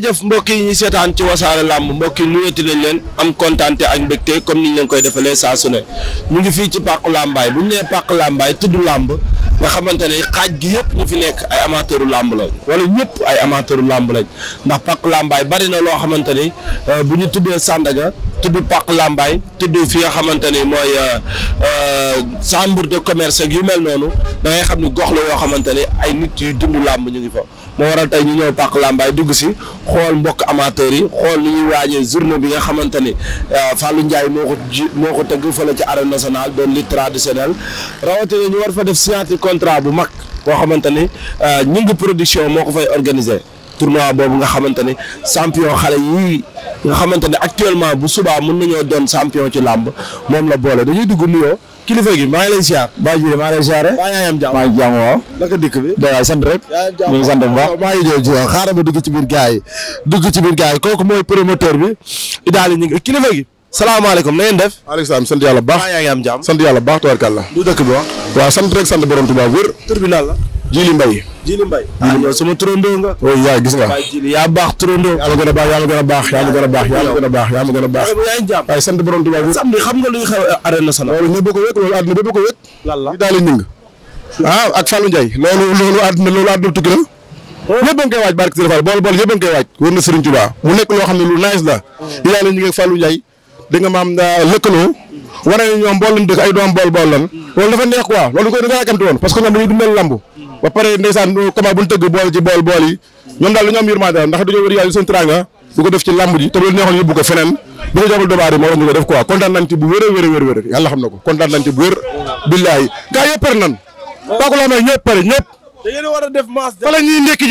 jëf mbokk yi ñu seetaan ci wasaare làmb mbokk yi nuyati lañ leen am kontaante ak mbégte comme niñ leen koy defalee saa su ne ñu ngi fii ci pàqu làmbaay bu ñu nee pàqu làmbaay tudd làmb nga xamante ne xaaj gi yëpp ñu fi nekk ay amateuru làmb wala ñëpp ay amateuru làmb lañ ndax pàqu làmbaay bari na loo xamante ni euh, bu ñu tuddee Sandaga tudd pàqu làmbaay tudd fi nga xamante ni mooy euh, euh, chambre de commerce ak yu mel noonu da ngay xam ni gox la yoo xamante ni ay nit yu dund làmb ñu ngi fa moo waral tey ñu ñëw pàq làmbaay dugg si xool mbokk amateur yi xool ni ñuy waajee journée bi nga xamante ni euh, Fallou Ndiaye moo ko ji moo ko tëgg fële ci arène nationale doon lutte traditionnelle rawatina ñu war fa def signature contrat bu mag boo xamante ni ñu euh, ngi production moo ko fay organiser. tournoi boobu nga xamante ne champion xale yii nga xamante ne actuellement bu subaa mën nañoo doon champion ci làmb moom la boole dañuy dugg nuyoo kilifa gi maa ngi lay ziar. baa ji maa ngi lay ziare. maa ngi am jàmm maa ngi jàmm waaw. naka dikk bi. da sant rek. ñu ngi sant bu baax maa ngi ñëw jiw xaaral ma dugg ci biir gars yi dugg ci biir gars yi kooku mooy promoteur bi Idaly ñu ngi kilifa gi. salaamaaleykum na ngeen def. maaleykum salaam sant yàlla bu baax. maa ngi am jàmm sant yàlla bu baax tubarkàlla. du dëkk bi waaw. waaw sant rek sant borom Tuubaa wér. tur bi lan la. Jili Mbaye. Jili Mbaye. ah yow sama turandoo nga. oui oh, yaa gis nga. waaye baax yaa ma gën a baax yaa ma gën a baax yaa ma gën a baax yaa ma gën a baax yaa ma gën a baax. waaye sant borom a ko wét loolu àdduna a ko wét. lan ah, oh. a ngi koy waaj a ngi koy waaj. wër na Serigne Touba mu nekk ba pare ndeysaan euh, comment bu ñu tëgg bool ci bool bool yi ñoom daal lu ñu am yërmande ndax dañoo wër yàlla seen teraanga bu ko def ci làmb ji te bu neexoon yóbbu ko feneen bu ko jobal dobaar yi moo doon ko def quoi kontaan a a wér wér yàlla xam na ko kontaan nañ ci bu wér billaahi gaa pare nan baaku laa may ñëpp pare ñëpp da ngeen a def maas ñuy ndekki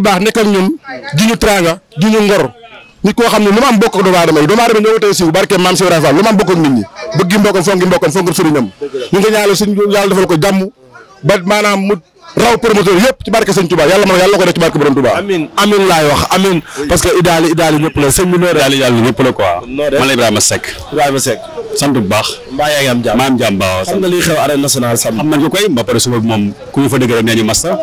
baax nekk ak ñun di ñu ngor nit koo xam ne lu ma am bokk ak doomu aadama yi doomu aadama ñoo tey siiw barke maam si rafaal lu ma am bokk ak nit ñi bëgg mbokkam fonk mbokkam fonk sëriñam ñu ngi ñaanal suñ yàlla defal ko jàmm ba maanaam mu raw promoteur yëpp ci barke sëñ Touba yàlla ma yàlla ko def ci barke borom Touba amin amin laay wax amin parce que idaali idaali ñëpp la sëñ bi noo idaali yàlla ñëpp la quoi man la Ibrahima Seck Ibrahima Seck sant bu baax mbaa yaa ngi am jàmm maa am jàmm baax xam nga li xew arène nationale sam xam nañ ko koy ba pare suba bi moom ku ñu fa dëgëral nee ñu masta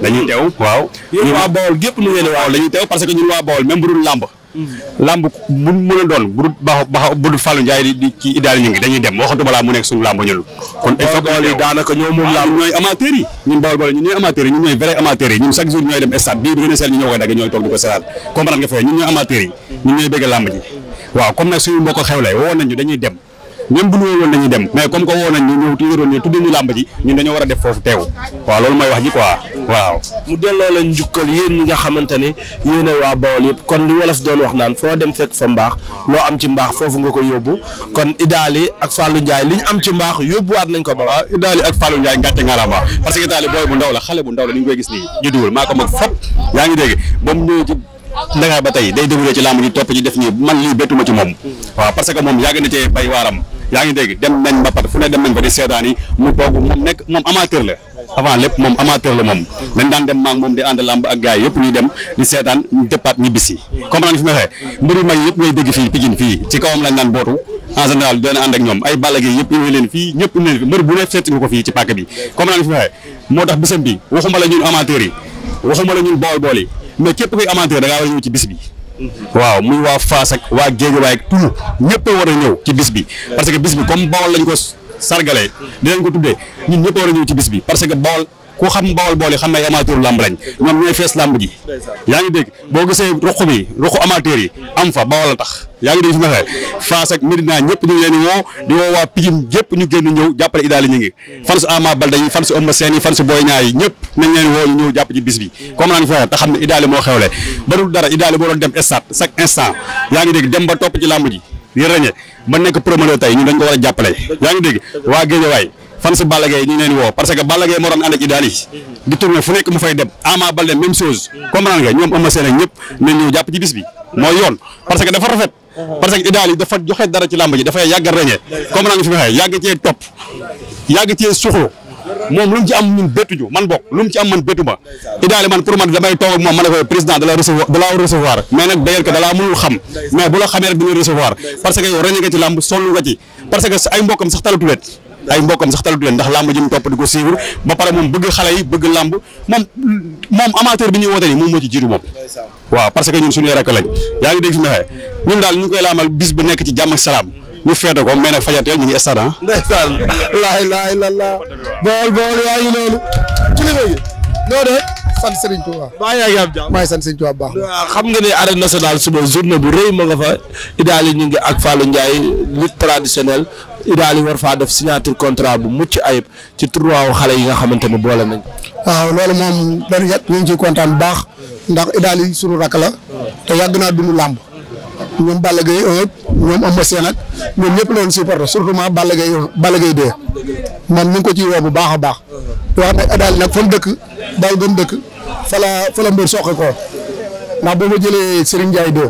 dañuy teew waaw ñun waa Bawol gépp nu ngeen waaw dañuy teew parce que ñun waa Bawol même bu dul làmb làmb bu mu la doon bu baax bu Fallou Ndiaye di ci idaal ñu ngi dañuy dem waxatuma laa mu nekk suñu làmb ñun. kon il daanaka ñoo moom làmb ñooy amateurs ñun bawol bawol ñun ñooy amateurs yi ñun ñooy vrai amateurs yi ñun chaque jour ñooy dem stade bii du ñu ñoo koy ñooy toog di ko seetaan comprendre nga fay ñun ñooy amateurs yi ñun ñooy bëgg làmb ji waaw comme nag suñu mbokk xew lay woo nañu dañuy dem même bu ñu woowoon dem mais comme que woo nañ ñu ñëw tiiroon ñu tudd ñu làmb ji ñun dañoo war a def foofu teew waaw loolu mooy wax ji quoi waaw. mu delloo leen njukkal yéen ñi nga xamante ne yéen waa Bawol yëpp kon li dem fekk fa mbaax loo am ci mbaax foofu nga ko yóbbu kon Idaly ak Fallou Ndiaye li ñu am ci mbaax yóbbuwaat nañ ko ba. waaw Idaly ak Fallou Ndiaye gàcce nga la baax parce que Idaly booy bu ndaw la xale bu ndaw la ni ñu koy gis nii ñu maa ko mag fop yaa ngi dégg ba mu Ndakaar ba tey day déwénee ci làmb ji topp ci def nii man lii bettuma ci moom waaw parce que moom yàgg na cee bay waaram yaa ngi dégg dem nañ mbapat fu ne dem nañ fa di seetaan yi mu toog moom nekk moom amateur la avant lépp moom amateur la moom dañ dem maag moom di ànd làmb ak gars yi yëpp ñuy dem di seetaan ñu départ ñu bisi comprendre fi ma waxee mbir mag yëpp ngay dégg fii Pikine fii ci kawam lañ daan bootu en général doon ànd ak ñoom mais képp kuy amateur da ngaa war a ñëw ci bis bi. waaw muy waa Fass ak waa Guédiawaye ak tout ñëpp war a ñëw ci bis bi parce que bis bi comme Bawol lañ ko sargalee dinañ ko tuddee ñu ñëpp war a ñëw ci bis bi parce que Bawol ku xam bawal boole xam nay amateur lamb lañ ñoom ñooy fees lamb ji yaa ngi dégg boo gisee ruq bi ruqu amateur yi am fa bawal la tax yaa ngi dégg su ma xee Fass ak ñu ngi leen ñëw jàppale Idaali ñu ngi fan su Ama Baldé yi fan su Eumeu Sène yi fan su Boy Niang yi ñëpp nañ leen woo ñu ñëw jàpp ci bis bi comme naa ñu fexe te xam ne Idaali moo xewle ba dul dara Idaali moo doon dem stade chaque instant yaa ngi dégg dem ba topp ci lamb ji di rëñe ba nekk promoteur tey ñu dañ ko war a jàppale yaa ngi dégg waa Guédiawaye fan si Balla Gaye ñu ngi leen woo parce que Balla Gaye moo doon ànd ak idaal yi di tourné fu nekk mu fay dem Ama Baldé même chose comprendre nga ñoom Eumeu Sène ak ñëpp nañ ñëw jàpp ci bis bi mooy yoon parce que dafa rafet parce que idaal yi dafa joxe dara ci làmb ji dafay yàgg a ràññee comprendre nga fi waxee yàgg cee topp yàgg cee suxu moom lu mu ci am ñun bettuñu man bokk lu mu ci am man bettu ma idaali man pour man damay toog ak moom ma ne ko président da la recevoir da la recevoir mais nag dayal ko da laa mënul xam mais bu la xamee rek dina recevoir parce que yow ràññee nga ci làmb sonn nga ci parce que ay mbokkam sax talatu leen ay mbokkam sax talatu leen ndax làmb ji topp di ko suivre ba pare moom bëgg xale yi bëgg làmb moom moom amateur bi ñuy woote nii moom moo ci jiitu moom waaw parce que ñun suñuy rakk lañ yaa ngi dégg fi mu waxee ñun daal ñu koy laamal bis bu nekk ci jàmm ak salaam ñu feete ko mais nag fajateel ñu ngi stade ah. ndeysaan laa ilaaha illallaah bool bool yaa ngi loolu noo de sant Serigne Touba. waaw yaa ngi am jàmm maay sant Serigne Touba baax xam bu rëy ma nga fa Idaali ñu ngi ak Fallou Ndiaye lutte traditionnelle contrat bu mucc ayib ci trois xale yi nga xamante ne boole nañ. waaw loolu moom dañu ñu ngi ciy kontaan bu baax ndax Idaali sunu rakk la te yàgg naa dund làmb. ñoom Balla Gaye 1 ñoom Eumeu Sène ñoom ñëpp la woon surtout ma Balla Gaye Balla Gaye 2 man ñu ngi ko ciy woo bu baax a baax wax nag daal nag fa mu dëkk daal ba mu dëkk fa la fa la mbër soqe ko ndax boo ma jëlee Serigne Ndiaye 2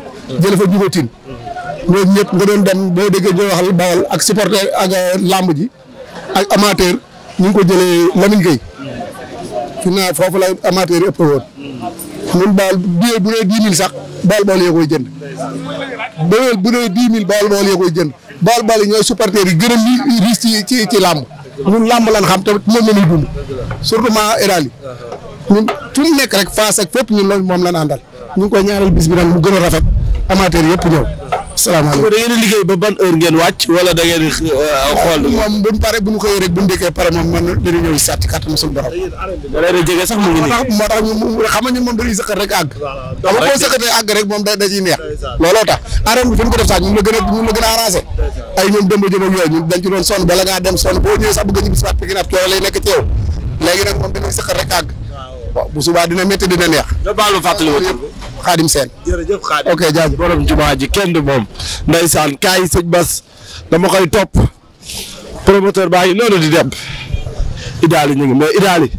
jëlee fa Djigo Tine ñooñu ñëpp nga doon dem boo déggee ñu waxal bawal ak supporter ak euh, lamb ji ak amateur ñu ngi ko jëlee Lamine Gueye fi naa foofu la amateur yi ëpp woon ñun baal bu dee 10 000 sax baal baal yee koy jënd billet bu dee 10 000 baal baal yee koy jënd baal baal yi ñooy supporters yi gën a li riche ci ci ci làmb ñun làmb lan xam tamit moom la ñuy dund surtout maa éral yi ñun fu mu nekk rek Fass ak fépp ñun loolu moom la ñu àndal ñu ngi koy ñaanal bis bi nag mu gën a rafet amateur yëpp salaamaaleykum da ngeen di ba ban heure ngeen wàcc euh, ah, bu ñu paree rek bu ñu déggee pare moom man mu moom da da ciy looloo tax arène def sax ñun la a ñun la a arrangé. ay ñoom démb jëm ak yooyu ñun dañ doon sonn bala ngaa dem son boo ñëwee sax bëgg a ñibbi si waat Pikine coow lay nekk ci yow rek àgg. bu subaa dina métti dina neex. nga baalu fàttali Xaadim Seen. jërëjëf Xaadim ok jaajëf jumaa ji kenn du moom. ndeysaan kaay sëñ Bas dama koy topp promoteur baa ngi noonu di dem. Idaali ñu ngi mais Idaali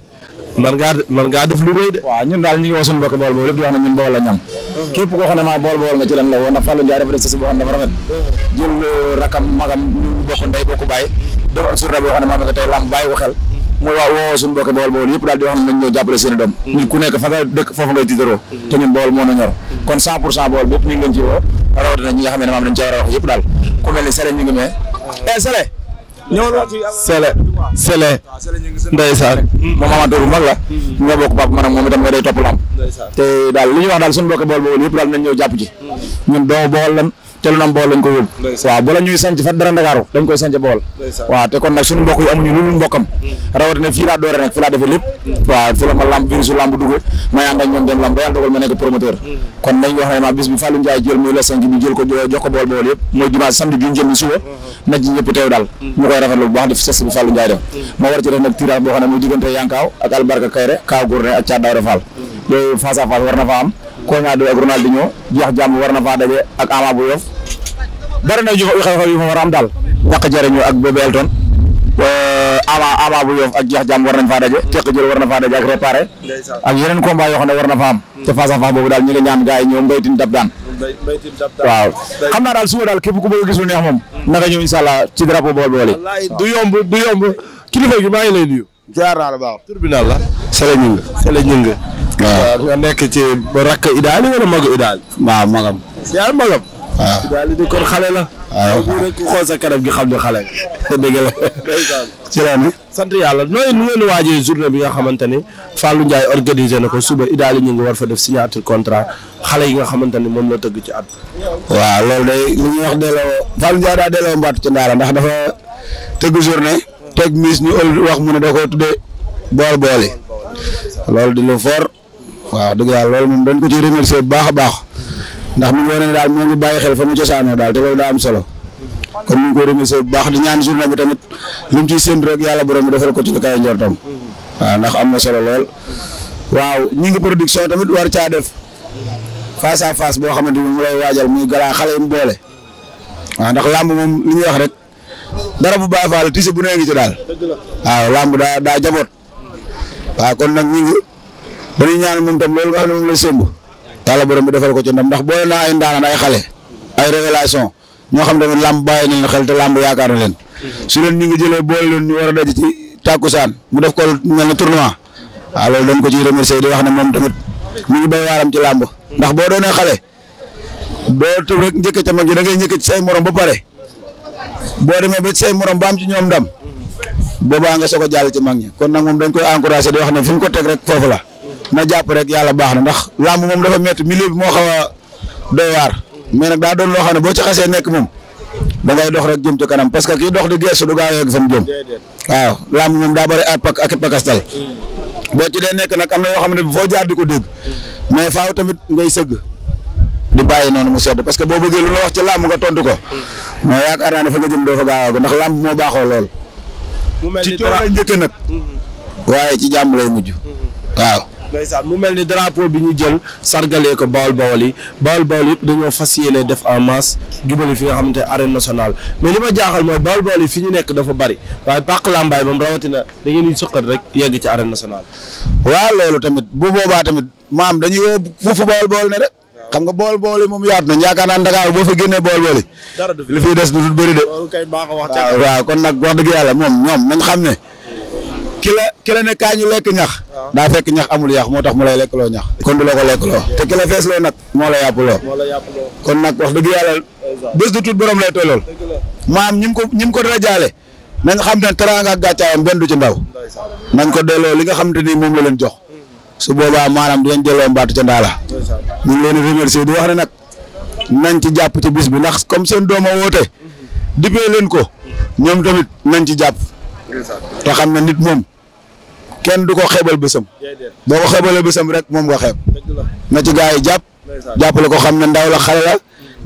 man ngaa man ngaa de. waaw ñun daal ñu ngi wax suñu mbokk bool boobu lépp di wax ne ñun bool la ñam. képp koo xam ne maa bool bool nga ci la woon ndax Fallou Ndiaye dafa def si boo xam ne dafa rafet. jël rakam magam ñu bokk ndey bokk bàyyi. def ak suñu rab yoo xam ne maa nga tey lamb xel mooy waa woo suñu mbokki Bawol Bawol yëpp daal di wax ne nañ jàppale seen i doom mm-hmm. nit ku nekk fa nga dëkk foofu ngay tiitaroo mm-hmm. te ñun Bawol moo na mm-hmm. kon cent pour cent Bawol bépp ñu ngi leen ci woo rawatina ñi nga xam ne maam dañ ci war a wax yëpp daal ku mel ni Sele ñu ngi mee eh Sele Sele Sele ndeysaan moom amateur bu mag la nga bokk papa maanaam moom itam nga day topp lam te daal li ñuy wax daal suñu mbokki Bawol Bawol yëpp daal nañ ñoo jàpp te lu nam bool lañ ko yóbbu waaw bala ñuy sanc fa dara Ndakaaru dañ koy sanc bool waaw te kon nag suñu mbokk yi amuñu lu mm. fii laa doore nag fii laa defee lépp waaw fi la ma lamb mm. wax ne ma bi Fallou Ndiaye jël muy war ci def nag tirage boo xam ne muy diggante Yankaaw ak Albarka Kayre Kaaw Gourne ak Thiat Daouda Fall yooyu mm. face à face war na fa am Koña ak Ronaldinho jeex jàmm war na faa daje ak Ama bu Yoff dara na ñu xew-xew yi ma war a ak bébé Elton bu yoof ak jeex jàmm war nañ faa daje teq jël war na faa daje ak réparé ak yeneen combat yoo xam ne te face à boobu daal ñi ngi ñaan gars ñoom mbaytin dab waaw xam naa daal suba daal képp ku bëgg gis lu neex moom naka ñëw incha allah ci drapeau bool du yomb du yomb kilifa gi maa ngi lay nuyu jaar naa la baax tribunal la sele ñëng sele ñëng waaw nga nekk ci rakk idaali wala mag idaali waaw magam yaa magam waaw daal di kon xale la. waaw bu rek xool sa kanam gi xam ne xale nga. dëgg la. ci ren sant yàlla nooy nu ngeen waajee journée bi nga xamante ni Fallou Ndiaye organisé na ko suba idaali ñu ngi war fa def signature contrat xale yi nga xamante ni moom la tëgg ci at. waaw loolu day li ñuy wax delloo Fallou Ndiaye daa delloo mbaatu ci ndaara ndax dafa tëgg journée. teg mis ñu ël wax mu ne da koo tuddee bool bool yi loolu di lu fort waaw dëgg yàlla loolu moom dañ ko ci bu baax a baax. ndax mu ngi wane ne daal moo ngi bàyyi xel fa mu cosaanoo daal te loolu daa am solo kon bu baax di ñaan journée bi tamit lu mu ciy séntu rek yàlla borom bi ko ci lu kay njortam waaw ndax am na solo lool waaw ñi ngi production tamit war caa def face à face boo xamante ni mu lay waajal muy galaa xale yi mu boole waaw ndax làmb moom li ñuy wax rek dara bu baax faal tise bu nee ngi ci daal waaw làmb daa daa jaboot waaw kon nag ñi ngi ñaan moom tam loolu nga xam ne moom la sémb yàlla borom bi defal ko ci ndam ndax boo naa ay ndaanaan ay xale ay révélation ñoo xam tamit làmb bàyyi nañ xel te làmb yaakaar na leen su leen ñu ngi jëlee boole leen ñu war a daj ci tàkkusaan mu def ko mel ne tournoi waaw loolu dañ ko ciy remercier di wax ne moom tamit mu ngi béy waaram ci làmb ndax boo doonee xale doo tëb njëkk ca mag yi da ngay njëkk ci say moroom ba pare boo demee ba say morom baam am ci ñoom ndam boobaa nga soog a jàll ci mag ñi kon nag moom dañ koy encouragé di wax ne fi mu ko teg rek foofu la na jàpp rek yàlla baax na ndax làmb moom dafa métti milieu bi moo xaw a doy waar nag daa doon loo xam ne boo ci xasee nekk moom da ngay dox rek jëm kanam parce que kii dox di geesu du gaaw yegg fa dee nekk nag am na yoo xam ne foo jaar di ko dégg mais faaw tamit ngay sëgg di bàyyi noonu mu sedd parce que boo bëggee lu la wax ci làmb nga tontu ko mais yaakaar naa ne fa nga jëm doo fa gaaw ndax làmb moo baaxoo lool. ci coow lay njëkk nag waaye ci jàmm lay mujj waaw. ndeysaan mu mel ni drapeau bi ñu jël sargalee ko bawol bawol yi bawol bawol yi dañoo fas yéene def en masse jubali fi nga xamante ne arène nationale mais li ma jaaxal mooy bawol bawol fi ñu nekk dafa bari waaye pàq lambaay moom rawatina da ngeen di sëqat rek yegg ci arène nationale. waaw loolu tamit bu boobaa tamit maam dañu woo fuufu bawol bawol ne rek. xam nga bool bool yi moom yaatu nañ yaakaar naa Dakar boo fa génnee bool bool yi. dara du fi li fiy des waaw kon nag wax dëgg yàlla moom moom nañ xam ne. ki la ki ne kaa ñu lekk ñax daa fekk ñax amul yàq moo tax mu lay lekk loo ñax kon du la ko lekk loo te ki la fees loo nag moo la yàpp loo kon nag wax dëgg yàlla bés du tuut borom lay lool maam ñi mu ko ñi mu ko dara jaale nañ xam ne teraanga ak gàccaayam benn du ci ndaw nañ ko delloo li nga xam te ni moom la leen jox su boobaa maanaam dinañ delloo mbaatu ca ndaala ñu ngi leen remercier di wax ne nag nañ ci jàpp ci bis bi ndax comme seen doom dooma woote dipee leen ko ñoom tamit nañ ci jàpp te xam na nit moom kenn du ko xeebal bésam boo ko xeebalee bésam rek moom nga xeeb na ci gars yi jàpp jàppale ko xam ne ndaw la xale la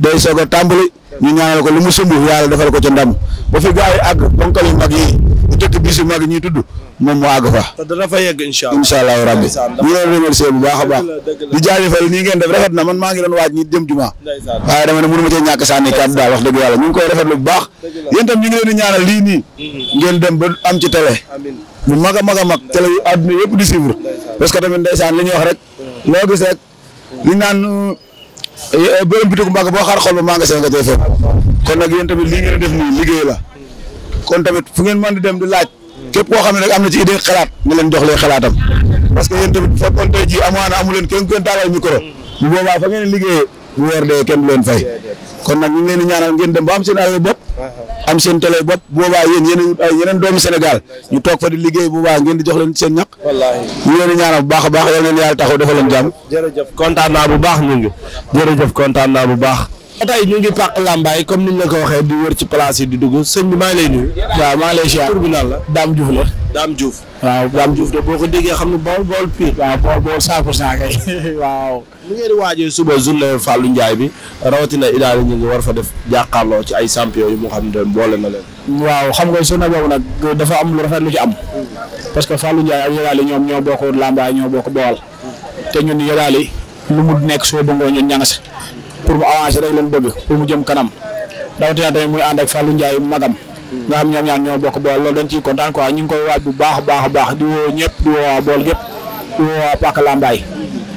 day soog a tàmbali ñu ñaanal ko lu mu sumb yàlla defal ko ci ndam ba fi gars yi àgg bonkali mag yi bu dëkk bi si mag ñuy tudd moom mu àgg fa. te dana fa yegg incha allah incha allahu rabbi ñu leen remercier bu baax a baax di jaajëfal nii ngeen def rafet na man maa ngi doon waaj ñi dem juma waaye dama ne mënu ma cee ñàkk sànni kàddu daal wax dëgg yàlla ñu ngi koy rafetlu bu baax yéen tam mm-hmm. ngeen dem ba am ci télé bu mag a mag a mag télé yu yëpp di suivre parce que tamit ndeysaan li ñu wax rek mm-hmm. loo gis rek li naan eh, eh, bërëm bitiku mbàgg boo xaar xol ba maa nga seen nga tey fekk kon tamit lii ngeen def la kon tamit fu ngeen man di dem di laaj képp koo xam ne rek am na ci idée xalaat nga leen jox leen xalaatam parce que yéen tamit bu fekkoon tey jii amaana amu leen kenn ku leen bu boobaa fa ngeen liggéeyee bu weer dee kenn du leen fay kon nag ñu ngi leen di ñaanal ngeen dem ba am seen ay bopp am seen télé bopp bu boobaa yéen yeneen doomu Sénégal ñu toog fa di liggéey bu boobaa ngeen di jox leen seen ñaq ñu ngi leen di baax a baax yal leen yàlla taxaw defal leen jàmm jërëjëf kontaan naa bu baax ñu ngi jërëjëf kontaan naa bu baax tey ñu ngi pàq làmbaay comme niñ la ko waxee di wër ci place yi di dugg sëñ bi maa ngi waaw maa ngi lay naan la Dame Diouf la. Dame Diouf. waaw Dame Diouf de boo ko déggee xam ne bool bool pire. waaw bool bool 100 pour 100 kay. waaw. li bi rawatina Idaara ñu war fa def jàkkaarloo ci ay champion yu xam ne boole na leen. waaw xam nga journée boobu nag dafa am lu rafet lu ci am. parce que Fallou Ndiaye ak Yadaly ñoom ñoo bokk làmbaay ñoo bokk bool. te ñun Yadaly lu mu nekk suba ba ngoon ñanga si pour mu avancer rek leen bëgg pour mu jëm kanam rawatina tamit muy ànd ak Fallou Ndiaye magam nga xam ñoom ñaar ñoo bokk bool loolu dañ ciy kontaan quoi ñu ngi koy waaj bu baax baax baax di woo ñëpp di woo waa bool yëpp di waa Pàkk Lambaay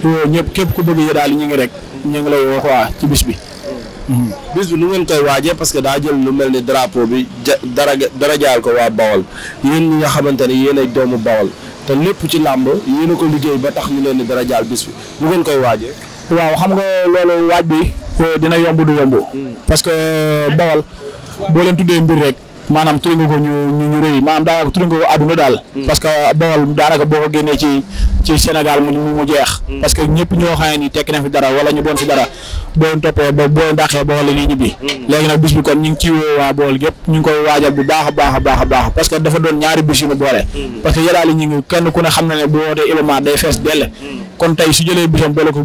di woo képp ku bëgg daal ñu ngi rek ñu ngi lay woo quoi ci bis bi. bis bi lu ngeen koy waajee parce que daa jël lu mel ni drapeau bi ja dara dara jaayal ko waa Bawol yéen ñi nga xamante ne yéen ay doomu Bawol te lépp ci làmb yéen a ko liggéey ba tax ñu leen di dara jaal bi nu koy waajee. Euh, dina yomb du yomb. parce que euh, bawal boo leen tuddee mbir rek maanaam tudd nga ko ñu ñu rëy maanaam daanaka tudd nga ko àdduna daal. Mm. parce que bawal daanaka boo ko génnee ci ci Sénégal mu mu jeex. Mm. parce que ñëpp ñoo xam ne ni tekki na fi dara wala ñu doon fi dara boo leen boo leen dàqee bawal la ñuy ñibbi. Mm. léegi nag bis bi kon ñu ngi ciy woo waa ñu ngi koy waajal bu baax a baax a baax baax parce que dafa doon ñaari bis yu ñu boole. parce que yaraale ñu ngi kenn ku ne xam na ne bu wootee Iba Mar day fees dell. kon tey su jëlee bisam boole ko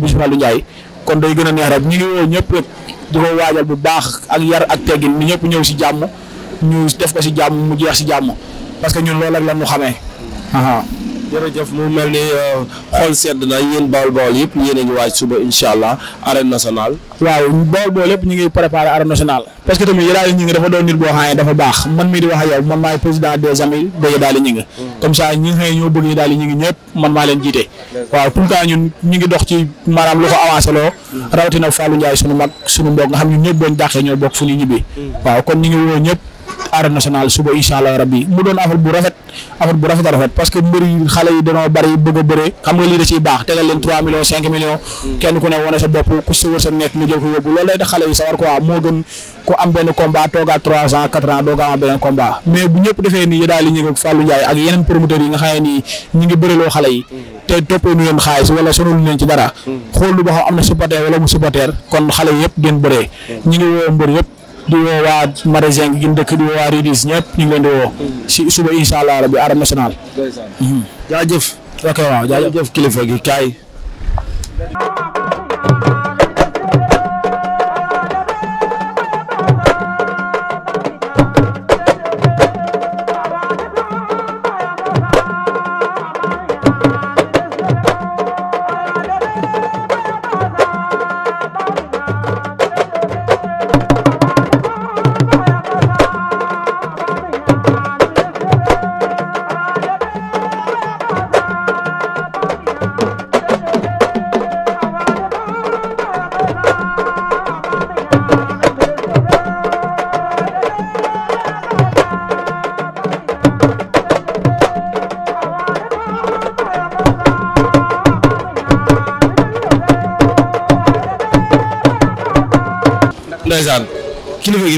kon day gën a neex rek ñu ngi woo ñëpp rek di ko waajal bu baax ak yar ak teggin ni ñëpp ñëw si jàmm ñu def ko si jàmm mu jeex si jàmm parce que ñun loolu rek la ñu xamee. jërëjëf mu mel ni euh, xool sedd na yéen Baol Baol yëpp yéen a ngi waaj suba incha allah arène nationale. waaw Baol Baol yëpp ñu ngi préparé arène nationale. parce que tamit Yadaly Gningue dafa doon nit boo xam ne dafa baax man di wax ak man maay président des amis de Yadaly Gningue. comme ça ñi nga xam ne ñoo bëgg Yadaly Gningue ñëpp man maa leen jiite. waaw tout le temps ñun ñu ngi dox ci maanaam lu ko avancé rawatina Fallou Ndiaye sunu mag sunu mbokk nga xam ñun ñëpp boo ñu ñoo bokk fu ñu ñibbi. waaw kon ñu ngi woo ñëpp. arène nationale suba incha allah rabbi mu doon affaire bu rafet affaire bu rafet a rafet parce que mbir yi xale yi dañoo bari bëgg a bëre xam nga lii da ciy baax tegal leen 3 millions 5 millions. kenn ku ne wane sa bopp ku sa nekk nga jël ko yóbbu loolu lay tax xale yi sawar quoi moo gën ku am benn combat toogaat 3 ans 4 ans doogaa am beneen combat mais bu ñëpp defee nii daal di ñëw ak ak yeneen promoteurs yi nga xam nii ñu ngi bëreloo di woo waa Marisien gi ñu dëkk di woo waa Ridis ñëpp ñu ngi woo. suba incha allah rabi arène nationale. Hmm. jaajëf. ok waaw jaajëf kilifa gi kaay.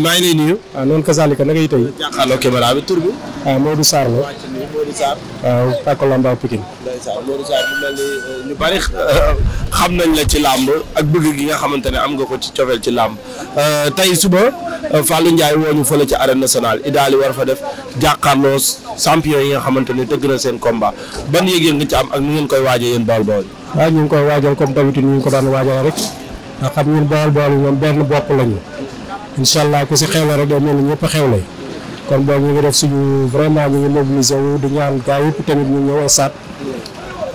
maa ngi lay nuyu. waaw ah, noonu kasaalika na ngay tey. jàkkaarloo caméra bi tur bi. ah Modou Sarr la. Modou Sarr. waaw ah, Tako eh, bari eh, xam nañ la ci làmb ak bëgg gi nga xamante ne am nga ko ci cofeel ci làmb eh, tey suba Fallou Ndiaye woo ñu fële ci arène nationale idaali war fa def jàkkaarloo champion yi nga xamante ne dëgg na seen combat ban yëg-yëg nga ci am ak nu ngeen koy waajee yéen Baol Baol. Ah, waaw ñu ngi koy waajal comme d'habitude ñu ngi ko daan waajal rek ndax xam ngeen Baol Baol incha allah ku si xewle rek day mel ni ñëpp a xewle kon boobu ñu ngi def suñu vraiment ñu ngi mobilisé wu di ñaan gaa yëpp tamit ñu ñëw esaat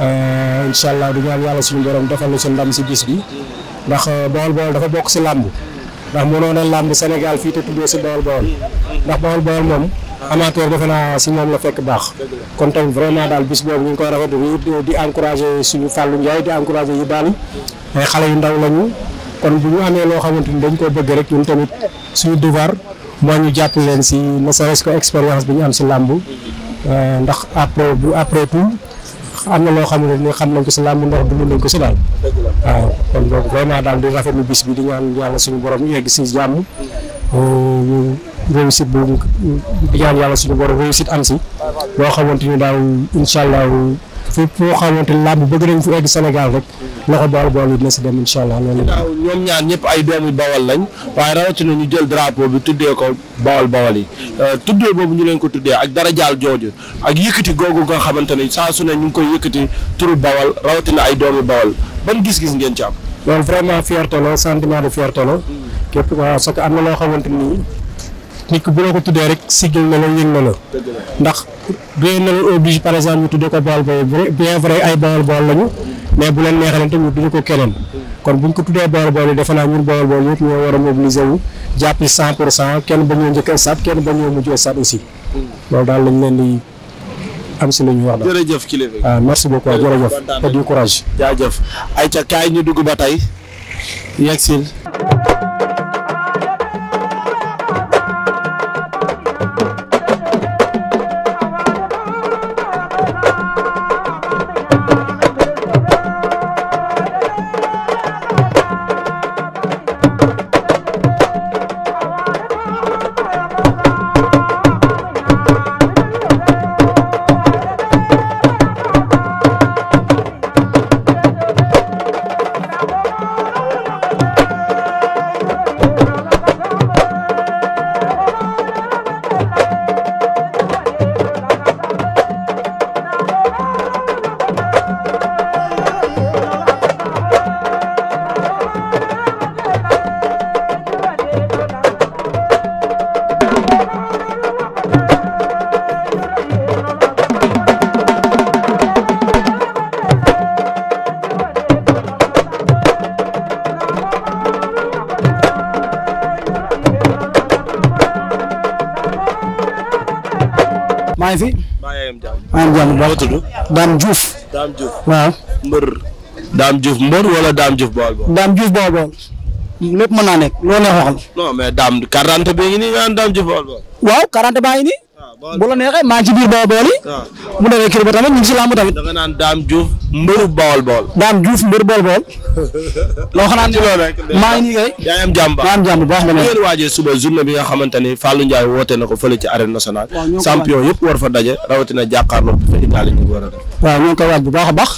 euh, incha allah di ñaan yàlla suñu borom defal na si ndam si bis bi ndax euh, Bawol Bawol dafa bokk si làmb ndax mënoon a Sénégal fii te tuddoo si Bawol Bawol ndax moom la fekk baax kon tamit vraiment daal bis boobu ñu ngi koy rafetlu di encouragé suñu Fallou Ndiaye di encouragé yu daal xale yu ndaw lañu. kon bu ñu amee loo xamante ni dañ ko bëgg rek ñun tamit suñu devoir moo ñu jàpp leen si ne serait-ce expérience bi ñu am si làmb euh, ndax après bu après tout am na loo xamante ni xam nañ ko si làmb ndox dund nañ ko si daal. waaw kon donc vraiment daal di rafetlu bis bi di ñaan yàlla suñu borom yegg si jàmm. Euh, ñu réussite bu ñaan yàlla suñu borom réussite am si loo xamante ni daal incha allah. fu foo xamante làmb bëgg nañ fu egg Sénégal rek loxo bool bool bi dina si dem incha allah loolu ñoom ñaar ñëpp ay doomu bawal lañ waaye rawatina ñu jël drapeau bi tuddee ko bawal bawal yi euh, tuddee boobu ñu leen ko tuddee ak dara jaal jooju ak yëkkati googu nga xamante ne saa su ne ñu ngi koy yëkkati turu bawal rawatina ay doomu bawal ban gis-gis ngeen ci am. loolu vraiment fierté la sentiment de fierté la hmm. képp am na loo xamante ni nit ki bu la ko tuddee rek sigil na la ñëw ndax bien na la obligé par exemple ñu tuddee ko Baol Baol bien vrai ay Baol Baol lañu mais bu leen neexalee tamit duñu ko keneen kon bu buñ ko tuddee Baol Baol yi defe naa ñun Baol Baol yëpp ñoo war a wu jàppi cent pour cent kenn bañoo njëkk sat kenn bañoo mujjee sat aussi loolu daal lañ leen am si lu ñu wax daal jërëjëf kilifa ah merci beaucoup jërëjëf et du courage jaajëf ay ca kaay ñu dugg ba tey yegsil Dame Diouf. Dame Diouf waaw. mbër. Dame Diouf mbër wala Dame Diouf bool bool. Dame Diouf bool bool. lépp mën naa nekk loo neex waxal. non mais Dame quarante bi ngi nga Dame Diouf bool bool. waaw quarante baa ngi nii. Ah, bu la biir bool bool yi. Ah. mu demee kii ba tamit ñu ngi si tamit. da nga mbëru Bawol Bawol. Dame Diouf mbëru Bawol Bawol. loo xanaan ci loolu rek. maa ngi nii kay. yaa baax yaa am jàmm bu baax. suba journée bi nga xamante ni Fallou Ndiaye woote na ko fële ci arène nationale. champion yëpp war fa daje rawatina jàkkaarloo bi war a def. waaw ñoo ngi koy waaj bu baax a baax.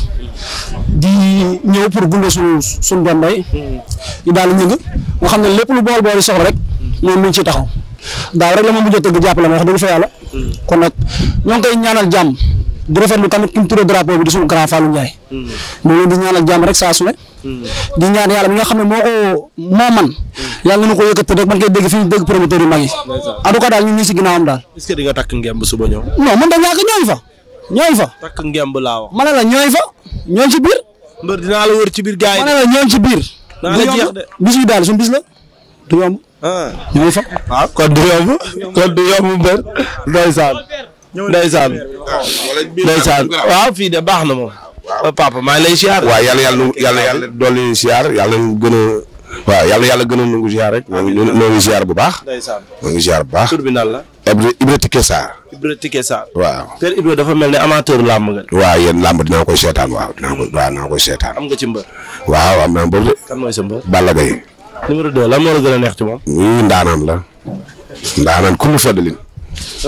di ñëw pour gunge suñu suñu doom day. di daal di ñëng nga xam ne lépp lu Bawol Bawol yi rek. moom mi ngi ciy taxaw. daaw rek la moom mu a tëgg jàppale ma wax dëgg fa yàlla. Mm. kon nag ñoo ngi koy ñaanal jàmm di rafetlu tamit ki mu tuddee drapeau bi di suñu grand Fallou Ndiaye. Mm. ñu leen di rek saa su mm. di ñaan yàlla mi nga xam ne moo ko moo man. Mm. yàlla na ko yëkkati rek man koy dégg fi ñu dégg promoteur yu mag yi. en tout daal ñun ñu si daal. est-ce que di ñooy fa. ñooy fa takk ma ne la ñooy fa ñooñ ci la wër ci biir gars yi. ma ne la ñooñ ci biir. du jeex de bis bi daal suñu bis la du yomb. Ah. ñooy fa. waaw ah, kon du kon du yomb mbër ndeysaan ndeysaan ah, ndeysaan waaw fii de baax na moom. papa maa ngi lay siyaar. waaw yàlla yàlla yàlla yàlla dolli ñu siyaar yàlla ñu gën a. waaw yàlla yàlla gënoon nangu ziar rek ñoo ngi ziar bu baax ñoo ngi ziar bu baax tur bi nan la Ibra Tike Sarr Ibra Tike Sarr waaw Père dafa mel ni amateur làmb waa waaw yéen làmb dinaa koy seetaan waaw dinaa ko waaw koy seetaan am nga ci mbër waaw am naa mbër de kan mooy sa mbër Balla Gaye numéro deux lan la gën a neex ci moom ndaanaan la ndaanaan kullu fadlin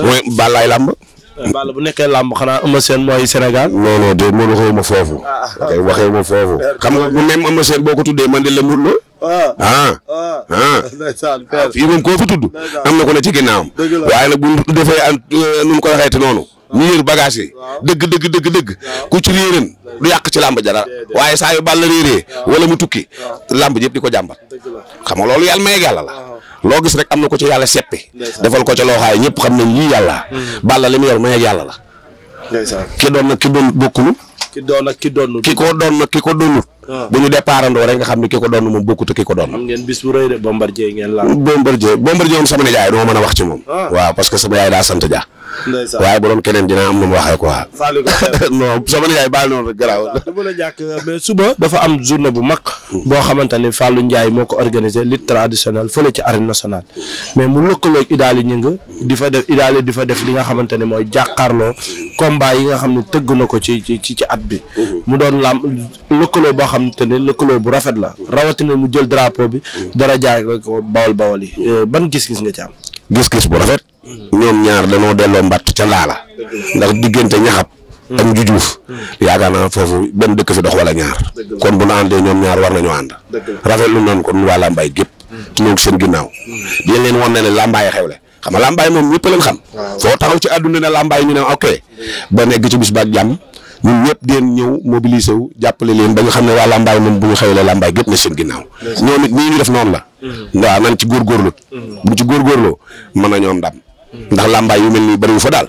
mooy Balla làmb Euh, Balla bu nekkee làmb xanaa Eumeu Sène mooy Sénégal. non non déedéet man ma foofu. Ah, ah, ok waxee foofu. Euh, xam nga bu même Eumeu Sène boo ko tuddee man de la mut la. ah ah ah. ah. fii moom koo fi tudd. am na ko ne ci ginnaawam. waaye nag bu ñu defee an euh, nu mu ko waxee te noonu. ñu yër bagage yi. dëgg dëgg dëgg dëgg. ku ci réeran du yàq ci làmb jara waaye saa yu Balla réeree. wala mu tukki. làmb yëpp di ko jàmbat. xam nga loolu yàlla may yàlla loo gis rek am na ko ci yàlla seppi defal ko ci looxaay ñëpp xam nañ lii yàlla. Mm. Balla li mu yor may yàlla la. ki doon na ki doon bokkulu ki doon ak ki doonul ki ko doon ak ki ko doonul. Ah. bu ñu départandoo rek nga xam ne ki ko doon moom bokkut ki ko doon. am ngeen bis bu rëy de a wax ci moom. Ah. waaw parce rek garaaw. waaw ah, du la ne hmm. moo ko organisé lutte traditionnelle fële ci arène nationale. mais mu lëkkaloog Idaali Ñing di fa def Idaali di fa def li nga xamante mooy jàkkaarloo combat yi nga xam ne tëgg na ko ci ci ci at bi mhm. mu doon lam lëkkaloo boo xam te ne lëkkaloo bu rafet la mhm. rawatina mu jël drapeau bi mhm. dara jaay ko bawal bawal yi ban gis-gis nga ci am gis-gis bu rafet ñoom ñaar danoo delloo mbatt ca laala ndax diggante ñaxab am jujuuf yaakaar naa foofu benn dëkk fi dox wala ñaar kon bu na àndee ñoom ñaar war nañoo ànd rafetlu nañ kon waa làmbaay gépp ñoo seen ginnaaw di leen wan ne ne làmbaay xewle xam nga làmbaay moom ñëpp leen xam foo taxaw ci àdduna ne làmbaay ñu ne ok ba nekk ci bis baak jàmm ñun ñëpp deen ñëw mobiliser wu jàppale leen ba nga xam ne waa Lambaay moom bu ñu xëyee la Lambaay gépp na seen ginnaaw. ñoom it nii ñu def noonu la. Mm-hmm. waaw nan ci góorgóorlu. Mm-hmm. bu ñu ci góorgóorloo mën na ñoom ndam. ndax làmbaay yu mel nii bëriwu fa daal.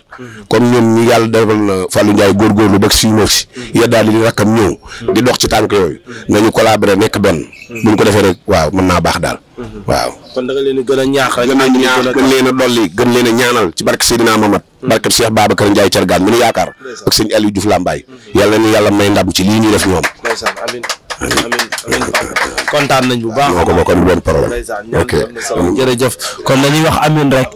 kon ñoom ñu yàlla defal na Fallou Ndiaye góorgóorlu bëgg si ñëw si. ya daal di rakkam ñëw. di dox ci tànk yooyu. nañu collaborer nekk benn. buñ ko defee rek waaw mën naa baax daal. waaw kon da nga leen di gën a ñaax rek. a ñaax gën leen a dolli gën leen a ñaanal ci barke Seydina Mamad. Hmm. barke Cheikh Babacar Ndiaye Thiergane mi nu yaakaar. ak sëñ Aliou Diouf Lambaye. yàlla na may ndam ci lii ñuy def ñoom. kontaan nañ bu baax. moo ko bokkoon benn problème. ok jërëjëf kon dañuy rek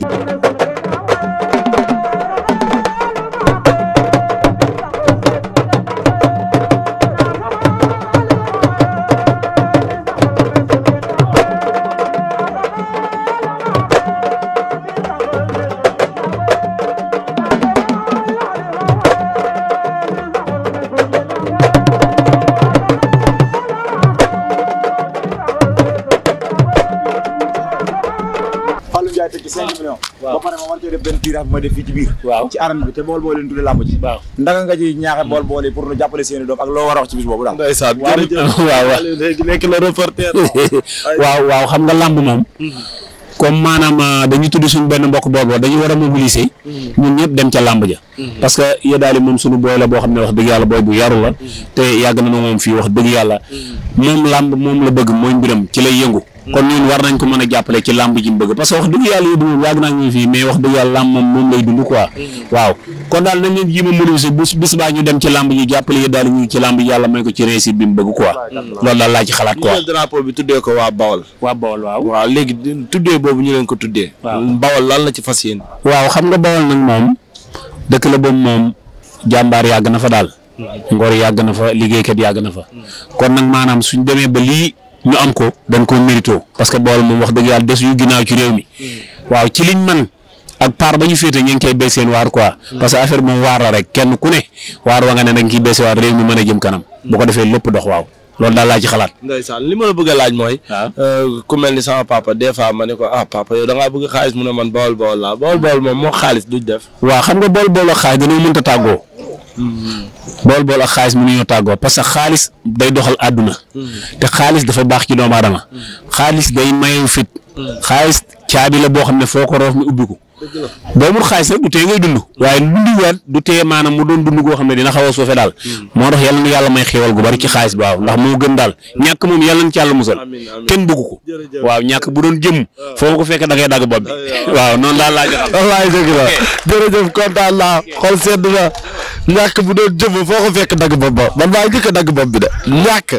dama war cee def benn tirage bu may def fii ci biir waaw ci arène bi te waaw xam nga làmb moom mm-hmm. comme maanaam euh, dañu tudd suñu benn mbokk bool dañu war a mobiliser mm-hmm. ñun ñëpp dem ca làmb ja mm-hmm. parce que yé daali moom suñu booy la boo xam ne wax dëgg yàlla booy bu yaru la te yàgg na moom fii wax dëgg yàlla moom làmb moom la bëgg mooy mbiram ci lay yëngu kon ñun war nañ ko mën a jàppale ci làmb ji mu bëgg parce que wax dëgg yàlla yi dund yàgg naa ngi fii mais wax dëgg yàlla moom ñu dem ci làmb ji jàppale yi daal ñu ci làmb ji yàlla may ko ci réussite bi mu bëgg mm. laa ci xalaat bi tuddee ko waa Bawol waa waaw waaw léegi tuddee boobu ñu leen ko tuddee Bawol lan la ci fas yéen waaw xam nga Bawol nag moom dëkk la boobu moom jàmbaar yàgg na fa daal mm. ngor yàgg na fa liggéeykat yàgg na fa mm. kon nag maanaam suñ demee ba lii ñu am ko dañ ko mérito parce que bool moom wax dëgg yàlla des yu ginnaaw ci réew mi waaw ci liñ man ak paar ba ñu féete ñu ngi koy béy seen waar quoi parce que moom waar la rek kenn ku ne waar wa nga ne da nga ciy béy waar ko defee lépp dox waaw loolu daal laa ci xalaat. ndeysaan li ma la bëgg a laaj mooy. Ah. Euh, ku mel ni sama papa des fois ma ne ko ah papa yow da ngaa bëgg xaalis mu ne man bawol bawol laa bawol bawol moom moo xaalis duñ def. waaw xam nga bawol bawol ak xaalis dañoo bool bool ak xaalis mënuñoo tàggoo parce que xaalis day doxal àdduna te xaalis dafa baax ci doomu aadama xaalis day mayew fit xaalis caabi la boo xam ne foo ko roof mi ubbiku boo mun xaalis rek du tee ngay dund waaye dund waat mu doon dund goo xam ne dina xaw a suufe daal moo tax yàlla na yàlla may xéewal gu bari ci xaalis bi waaw ndax moo gën daal ñàkk moom yàlla na ci musal kenn bëggu ko waaw ñàkk bu doon jëm foo ko fekk da ngay dagg bopp bi waaw noonu daal laa jot a dëgg la jërëjëf kontaan naa xol sedd na ñàkk bu doon jëmm foo ko fekk dagg bopp ba man maa njëkk a dagg bi de ñàkk.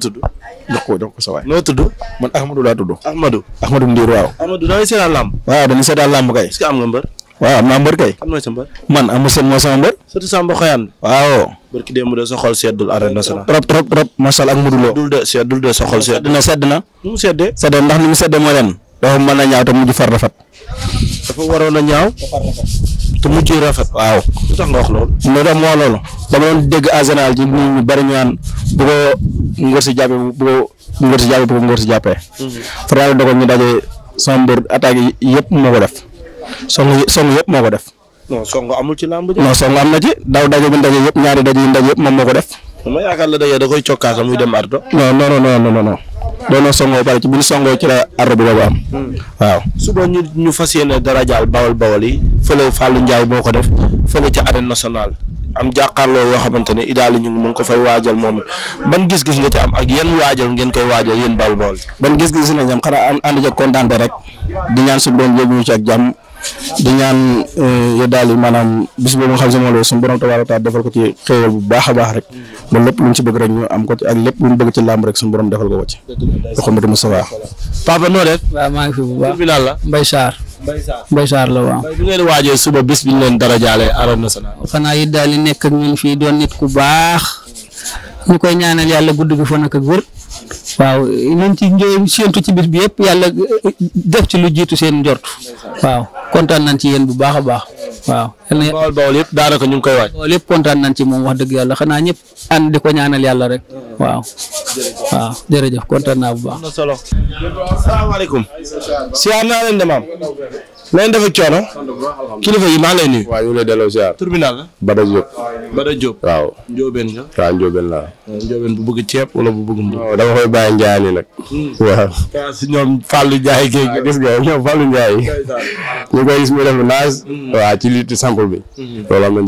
tudd. jox ko jox ko sa waay. noo tudd. man Ahmadou laa tudd. Ahmadou. Ahmadou Ndiir waaw. Ahmadou da ngay seetaan làmb. waaw dañuy seetaan làmb kay. est-ce que am nga a waaw am naa mbër kay. am a sa mbër. man am na seen moo sama mbër. surtout Samba Xoyaan. waaw. barki démb de sa xol seddul trop trop trop ak Modou dul de seddul de sa xol sedd. dina sedd na. nu mu seddee. seddee ndax ni mu seddee moo leen. dafa mën a ñaaw te mujj far rafet. dafa a te mujj rafet. waaw lu tax nga wax loolu. ne dem moo loolu dama doon dégg en général ñu ñu bëri ñu naan bu ko ngóor si jàppee bu ko ngóor si jàppee bu ko ngóor si jàppee. Mhm. faral dogal ñu daje sama mbër attaques yi yëpp moo ko def song song yëpp moo ko def. non song amul ci làmb ji. non song am na ci daaw daje bi ndaje yëpp ñaari daje yi ndaje yëpp moom moo ko def. ma yaakaar la daje da koy cokkaasa muy dem ardo. non non non non non. doonoo songoo pare ci bu ñu songoo ci la arrobe boobu am. waaw suba ñu fas yéene dara jaal bawal bawal yi fële Fallou Ndiaye moo ko def fële ci arène nationale am jàkkaarloo yoo xamante ne idaali ñu ngi mu ngi ko fay waajal moom ban gis-gis nga ci am ak yan waajal ngeen koy waajal yéen bawal bawal. ban gis-gis nañ am xanaa ànd ja kontaan rek di ñaan suñu doon yóbbu ñu ci ak jàmm. di ñaan eh, ya daal maanaam bis boobu nga xam si moom la suñu borom a taala defal ko ci xéewal bu baax a baax rek ba lépp lu ñu ci bëgg rek ñu am ko ci ak lépp lu ñu bëgg ci làmb rek suñu borom defal ko ci. alhamdulilah Moustapha papa noo bu baax bi lan la Mbaye Sarr. Mbaye Sarr Mbaye Sarr la waaw. Mbaye bis bi ñu leen dara jaale arène nationale. xanaa yi daal di nekk ak ñun fii doon nit ku baax ñu koy ñaanal yàlla gudd gi fa nag waaw liñ ci njëriñ séentu ci bis bi yëpp yàlla eh, def ci lu jiitu seen njort waaw kontaan nañ ci yéen bu baax a baax waaw. bawol bawol yëpp daanaka ñu ngi koy waaj. bawol yëpp kontaan nañ ci moom wax dëgg yàlla xanaa ñëpp ànd di ko ñaanal yàlla rek waaw. waaw jërëjëf kontaan naa bu baax. am na solo. na ngeen defee coono. kilifa yi maa ngi lay nuyu. waaw ñu la. bu bëgg ceeb wala bu bëgg mburu. dama koy bàyyi Ndiaye nii nag. Hmm. waaw. ñoom Fallou Ndiaye géej gis nga ñoom Fallou Ndiaye. ñu koy gis mu def naaj. Hmm. waaw ci lutte simple bi. Hmm. loolu am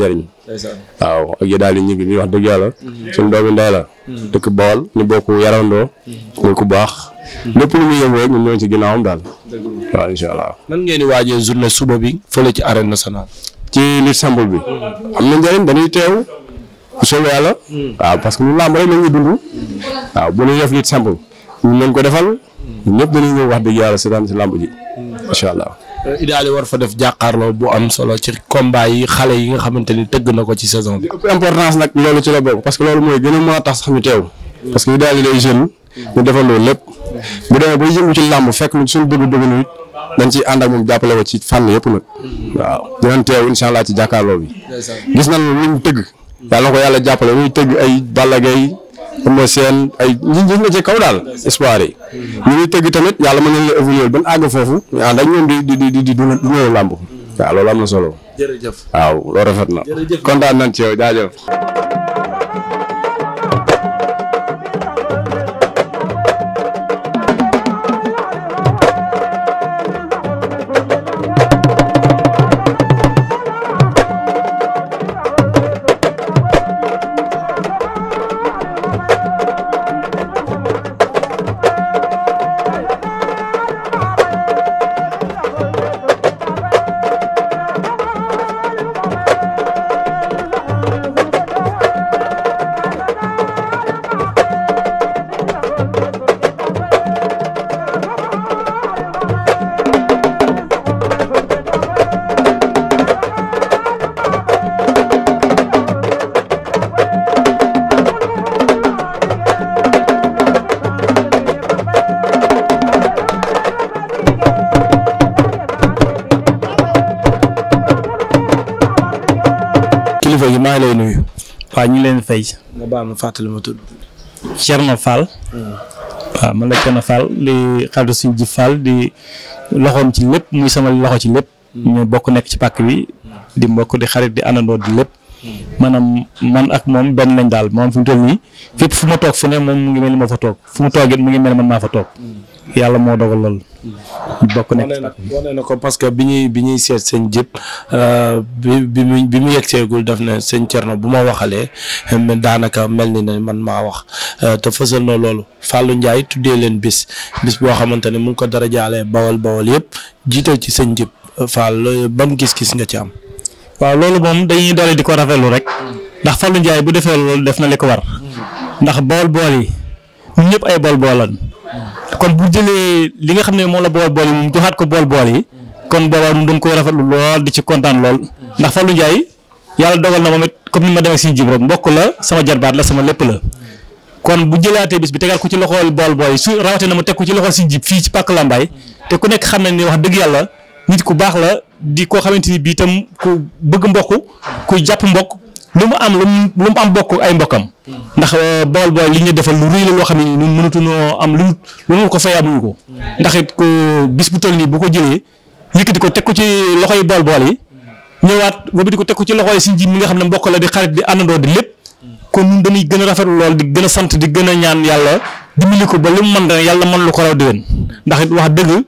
na waaw ak yi daal di ñibbi bi wax dëgg yàlla. suñu doomi ndey la. Bawol ñu bokk yarandoo. muy ku baax. lépp lu muy yëngu rek ñun ñoo ci ginnaawam daal. waaw incha allah. nan ngeen di waajee journée suba bi fële ci arène nationale. ci lutte simple bi. am na njëriñ dañuy teew. bu soobee yàlla. waaw parce que lu làmb rek la ñuy dund. waaw bu ñuy def lutte simple. ñu leen ko defal. ñëpp dañuy wax dëgg yàlla seetaan si làmb ji. incha allah. Euh, Idaly war fa def jàkkaarloo bu am solo ci combat yi xale yi nga xamante ni tëgg na ko ci saison bi. li ëpp importance nag loolu ci la bokk parce que loolu mooy gën a tax sax ñu defandoo lépp bu demee ba yëngu ci làmb fekk lu suñu bëgg-bëgg nit dañ ciy ànd ak moom jàppale ko ci fànn yëpp nag waaw dinañ teew ci jàkkaarloo bi gis nañ lu ñu tëgg yàlla ko yàlla jàppale muy tëgg ay Balla Gaye Eumeu Sène ay ñi gis na ci kaw daal espoir yi ñu ngi tëgg tamit yàlla ma nañ la évoluer ban àgg foofu ñu ànd ak ñoom di di di di du ñëw làmb waaw loolu am na solo jërëjëf waaw loolu rafet na kontaan nañ ci yow jaajëf Faye. fàttali ma tudd. Thierno Fall. Ah. waaw man la Thierno Fall di xaritu suñ ji Fall di loxoom ci lépp muy sama loxo ci lépp. Hmm. ñu bokk nekk ci pàkk bi. Hmm. di mbokk di xarit di àndandoo di lépp. Hmm. maanaam man ak moom benn lañ daal moom fi mu toll nii fépp fu ma toog fu ne moom mu ngi mel ni ma fa toog fu mu toog it mu ngi mel man maa fa toog. yàlla moo dogal loolu. bokk nekk wane na ko parce que bi ñuy bi ñuy seet sëñ jëpp euh, bi bi mu bi mu yegseegul daf na sëñ Cerno bu ma waxalee daanaka mel ni ne man maa wax euh, te fësal na loolu Fallou Ndiaye tuddee leen bis bis boo xamante ne mu ngi ko dara jaalee bawal bawal yépp jiital ci sëñ jëpp euh, Fall ban gis-gis nga ci am. waaw loolu moom dañuy doole di ko rafetlu rek ndax Fallou njaay bu defee loolu def na li ko war ndax bool bool yi ñëpp ay bool boolan kon bu jëlee li nga xam ne moom la bool bool yi moom joxaat ko bool bool yi kon boobaa moom dañ koy rafetlu lool di ci kontaan lool ndax Fallou Ndiaye yàlla dogal na moom it comme ni ma demee si jib rek mbokk la sama jarbaat la sama lépp la kon bu jëlaatee bis bi tegal ko ci loxool bool bool yi su rawatee na mu teg ko ci loxool si jib fii ci pàkk Lambaay te ku nekk xam na ni wax dëgg yàlla nit ku baax la di koo xamante ni itam ku bëgg mbokk ku jàpp lu mu am lu mu am bokk ay mbokkam ndax euh, bool bool li ñu defal lu rëy la loo xam ne ñun mënatuñoo am lu lu ko fay amuñu ko ndax it ko bis bu toll nii bu ko jëlee yëkkati ko teg ko ci loxo yi bool bool yi ñëwaat boobu di ko teg ko ci loxo yi suñ ji mi nga xam ne mbokk la di xarit di àndandoo di lépp kon ñun dañuy gën a rafetlu lool di gën a sant di gën a ñaan yàlla dimbali ko ba lu mu mën ren yàlla mën lu ko raw déwén ndax it wax dëgg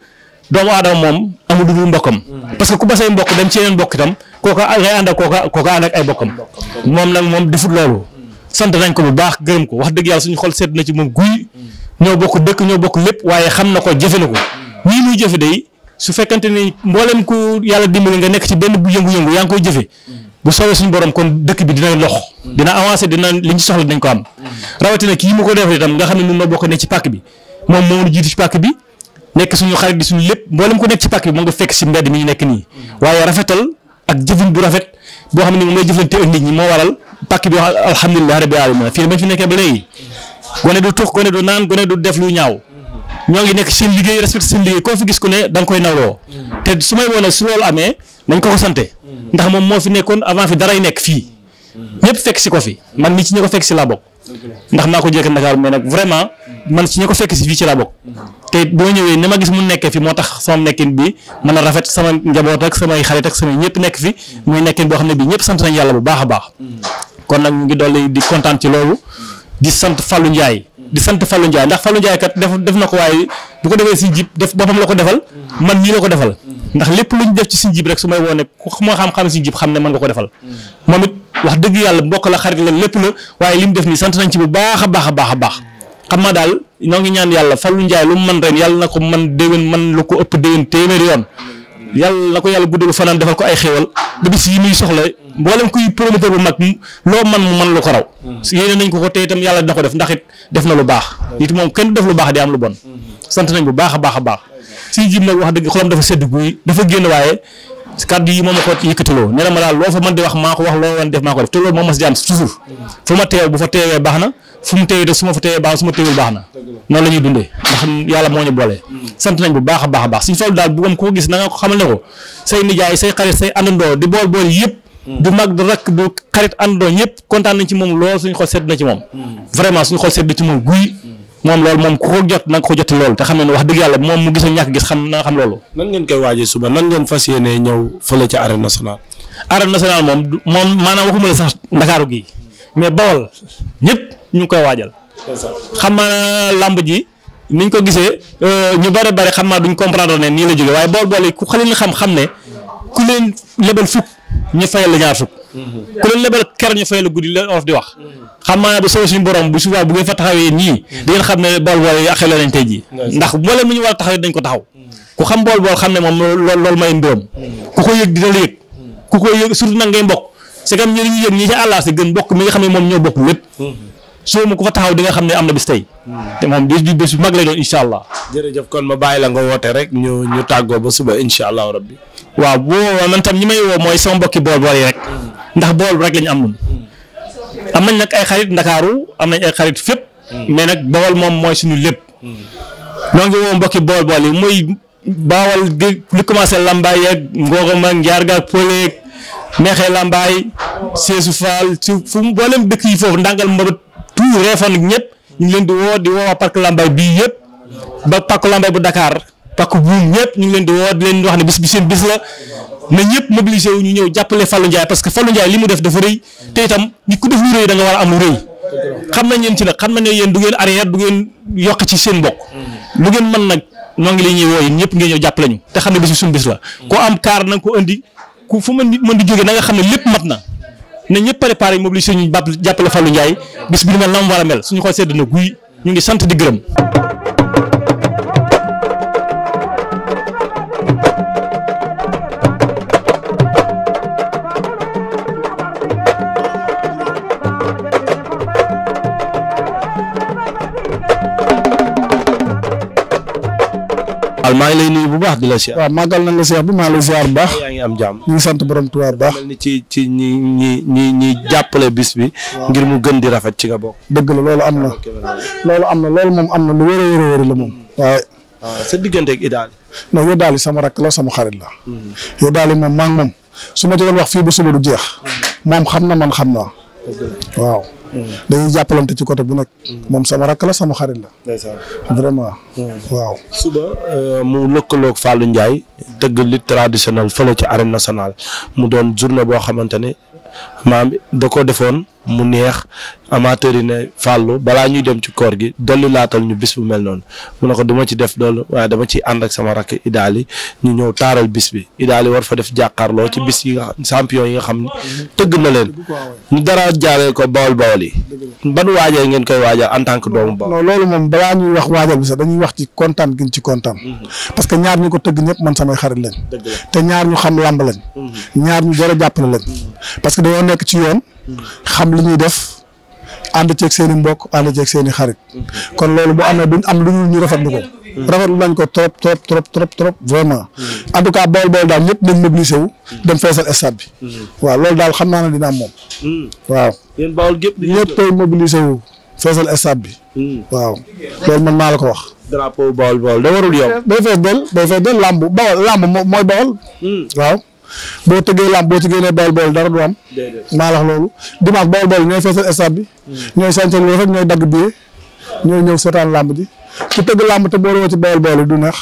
doomu aadama moom amul dugul mbokkam parce que ku basay mbokk dem mbokk itam kooka ak ngay ànd ak kooka kooka ànd ak ay bokkam moom nag moom defut loolu sant nañ ko bu baax gërëm ko wax dëgg yàlla suñu xol sedd na ci moom guy ñoo bokk ko jëfe na ko nii yàlla dimbali nga nekk ci benn bu yëngu-yëngu yaa ngi koy jëfe bu soobee suñu bi dina lox dina avancé dina li ñu soxla dinañ ko am rawatina kii mu ko def itam nga xam ne ñun noo bokk nekk ci pàkk bi moom moo ñu jiitu ci pàkk bi nekk suñu xarit di suñu lépp mboolem ko nekk ci pàkk bi moo nga fekk si mbedd mi ñu nekk nii waaye rafetal ak jëfin bu rafet boo xam ne moom lay jëflante ak nit ñi moo waral pàkk bi wax alhamdulilah rabbil alamin fii bañ fi nekkee ba léegi gone du tux gone du naan gone du def lu ñaaw ñoo ngi nekk seen liggéey respecté seen liggéey koo fi gis ko ne da nga koy nawloo te su may woone su loolu amee dañ ko ko sante ndax moom moo fi nekkoon avant fi daray nekk fii ñëpp fekk si ko fi man ni si ñi ko fekk si laa bokk ndax naa ko jëkk Ndakaaru mais nag vraiment man ci ñi ko fekk si fii ci laa bokk te boo ñëwee ni ma gis mu nekkee fi moo tax sama nekkin bi mën a rafet sama njaboot ak samay xarit ak samay ñëpp nekk fi muy nekkin boo xam ne bii ñëpp sant nañ a baax kon nag ñu ngi ci na ko waaye bu ko defee si jib def boppam la ko defal man ko defal ndax lépp lu ñu def ci si jib rek su may woone ku ma xam-xam si jib xam ne mën nga ko defal moom it wax la xarit la lépp la waaye li mu bu baax a baax a baax a xam naa daal ñoo ngi ñaan yàlla Fallou Ndiaye lu mu mën ren yàlla na ko man déwén man lu ko ëpp déwén téeméeri yoon yàlla na ko yàlla guddalu fanaan defal ko ay xéewal ba bis yi muy soxla mboolem kuy promoteur bu mag loo man mu man lu ko raw yéene nañ ko ko te itam yàlla dina ko def ndax it def na lu baax nit moom kenn du def lu baax di am a a dafa sedd guy dafa génn waaye kàddu yi moom ma ko yëkkatiloo ma daal loo fa mën di wax maa ko wax loo wan def maa ko def te loolu moom mas di am toujours fu ma teew bu fa teewee baax na fu mu téye de su ma fa téyee baax ma téyewul baax na noonu la ñuy dundee ndax yàlla moo ñu bu baax a baax a baax suñ fàllu daal na nga ko xamal ne ko say nijaay say xarit say àndandoo di bool ñëpp kontaan nañ ci moom lool suñu xol sedd na ci moom vraiment suñu xol sedd na ci moom guy moom moom ko jot ko joti loolu te xam ne wax dëgg yàlla moom mu gis ñàkk gis xam na nga xam loolu nan ngeen koy waajee suba nan ngeen fas yéenee ñëw fële ci arène nationale arène nationale moom maanaam waxuma sax ndakaaru gi mais bawal ñëpp ñu ngi koy waajal. xam naa làmb ji niñ ko gisee euh, ñu bare bare xam naa duñ comprendre ne nii la jógee waaye bool bool yi ku xale xam xam ne ku leen lebal fukk ñu fayal la ñaar fukk. ku leen lebal ker ñu fayal la guddi leen of di wax. xam naa bu soobee suñu borom bu subaa bu ngeen fa taxawee nii. di ngeen xam ne bool bool yi axee la nañ tey jii. ndax mboolem mi ñu war a taxawee dañ ko taxaw. ku xam bool bool xam ne moom lool loolu may mbiram. ku ko yëg dina si kam ñeneen ñi jëm ñi ci àllaa si gën bokk mi nga xam ne moom ñoo bokk lépp soo ma ko fa taxaw di xam ne am na bis tey moom bis bis bu mag lay doon incha allah jërëjëf kon ma bàyyi la nga woote rek ñu ñu tàggoo ba suba incha allah rabbi waaw boo man tam ñi may woo mooy sama mbokki bool bool yi rek ndax bool rek lañu am nun am nañ nag ay xarit ndakaaru am nañ ay xarit fépp mais nag bawal moom mooy suñu lépp ñoo ngi woo mbokki bool bool yi muy baawal gi li commencé lambaay yeeg ngoogam neexee Lambaay Seesu Faal ci fu mu boolem dëkk yi foofu ndàngal mbabat tout Réfane ñëpp ñu ngi leen di woo di woo parc Lambaay bii yëpp ba parc Lambaay bu Dakar parc buum ñëpp ñu ne bis bi seen bis la na ñëpp mobilisé wu ñëw jàppale Fallou Ndiaye parce que Fallou Ndiaye li mu def dafa rëy te itam ku def rëy da war a am lu rëy xam nañ leen nag xam nañ ne yéen du ngeen arrière du ngeen yokk ci seen mbokk lu ngeen mën nag ñoo ngi leen ñuy woo yéen ñëpp ngeen ñëw jàppale ñu te xam ne bis bi bis la ko am kaar ku fu mën mën di jógee na xam ne lépp mat na ne ñëpp préparé mobilisé ñu bàpp jàppale Fallou Ndiaye bis bi ni mel na a mel suñu xool sedd na guy ñu ngi sant di gërëm maa ngi lay nuyu bu baax di la ziar. waaw màggal na nga ziar bu maa la ziar bu baax. am jàmm. ñu ngi sant borom Tuubaa bu baax. mel ni ci ñi ñi ñi jàppale bis bi. ngir mu gën di rafet ci nga bokk. dëgg la loolu am na loolu am na loolu moom am na lu wér a wér la moom. Hmm. waaw ah, sa diggante ak Idaly. non yow daal sama rakk la sama xarit la. yow hmm. daal moom maa moom su ma ci doon wax fii ba suba du jeex. Hmm. moom xam na man xam na waaw. dañuy jàppalante ci côté bu nag mm. moom sama rakk la sama xarit la. vraiment. Mm. waaw suba euh, mu lëkkaloog Fallou Ndiaye dëgg li traditionnel fële ci arène nationale mu doon journée boo xamante ne maam da ko defoon. mu neex amateur yi ne fàllu balaa ñuy dem ci koor gi dolli laatal ñu bis bu mel noonu mu ne ko duma ci def loolu waaye dama ci ànd ak sama rakk idaali ñu ñëw taaral bis bi idaali war fa def jàkkaarloo ci bis yi nga champion yi nga xam ne tëgg na leen ñu dara jaaree ko bawol bawol yi ban waajal koy waajal en tant que doomu bawol non loolu moom balaa kontaan gin ci kontaan mhm. parce que ñaar ko tëgg ñëpp man samay xarit lañ te ñaar ñu xam làmb lañ mhm. ñaar ñu jara jàppale lañ mhm. parce que dañoo nekk ci yoon xam li ñuy def ànd ceeg seen i mbokk ànd ceeg seen i xarit kon loolu bu amee duñ am lu ñu ñu rafetlu ko. rafetlu nañ ko trop trop trop trop trop vraiment en tout cas bool bool daal ñëpp dañ mobilisé wu. feesal stade waaw loolu daal xam naa ne dina am moom. waaw yéen bawol gépp ñëpp tey mobilisé wu feesal hmm. ko wax. drapeau a bawol da warul yow. day fees del day fees del làmb bawol làmb mooy bawol hmm. waaw. boo tëggee làmb boo ci génnee Baol Baol dara du am. maa la wax loolu dimanche Baol Baol ñooy feesal bi. Hmm. ñooy sànqal loolu dagg billet ñooy ñëw seetaan làmb ji. ku tëgg làmb te boolewoo ci Baol Baol du neex.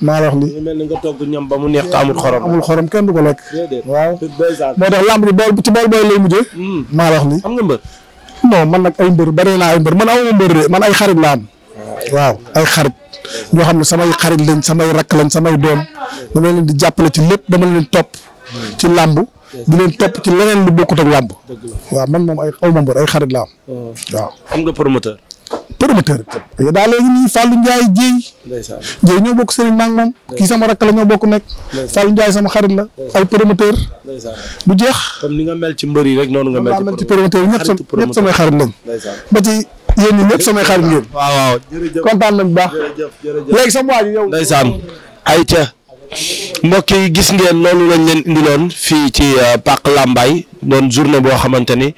maa la wax lii. mel ni nga togg ba mu neex amul xorom. amul xorom kenn du ko lekk. waaw moo tax làmb ji Baol ci Baol Baol lay mujjee. Hmm. maa la wax am nga mbër. non man nag ay mbër bari naa ay mbër man amuma mbër de man ay xarit laa am. waaw ay xarit ñoo xam ne samay xarit lañ samay rakk lañ samay doom dama leen di jàppale ci lépp dama leen topp ci làmb di leen topp ci leneen lu bokkut ak làmb waaw man moom ay xaw ma mbër xarit la am waaw am nga promoteur promoteur yo daa léegi nii Fallou Ndiaye Dieye Dieye ñoo bokk sëriñ maag moom kii sama rakk la ñoo bokk nekk Fallou Ndiaye sama xarit la ay promoteur du jeex comme ni nga mel ci mbër yi rek noonu nga mel ci promoteur ñëpp samay xarit lañ ba ci yéen ñi ñëpp samay xarit ngeen. waaw waaw jërëjëf kontaan na bu baax. léegi sama waa ji yow. ndeysaan ayca mbokk yi gis ngeen loolu lañ leen indiloon fii ci euh, Pàq Làmbaay doon journée boo xamante ni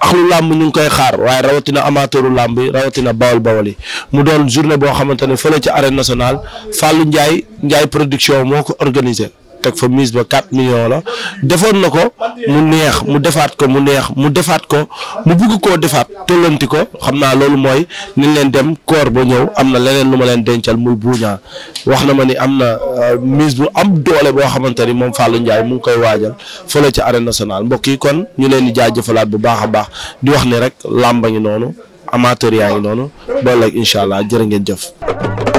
axlu làmb ñu ngi koy xaar waaye rawatina amateur làmb yi rawatina bawol bawol mu doon journée boo xamante ne fële ci arène nationale Fallou Ndiaye Ndiaye production moo ko organisé. teg fa mise ba 4 millions la defoon na ko mu neex mu defaat ko mu neex mu defaat ko mu bugg koo defaat tollanti ko xam naa loolu mooy niñ leen dem koor ba ñëw am na leneen lu ma leen dencal muy buuñaa wax na ma ni am na euh, mise bu am doole boo xamante ni moom Fallou Ndiaye mu ngi koy waajal fële ci arène nationale mbokk yi kon ñu leen di jaajëfalaat bu baax a baax di wax ni rek làmba ngi noonu amateur yaa ngi noonu ba léegi incha allah jërë ngeen jëf.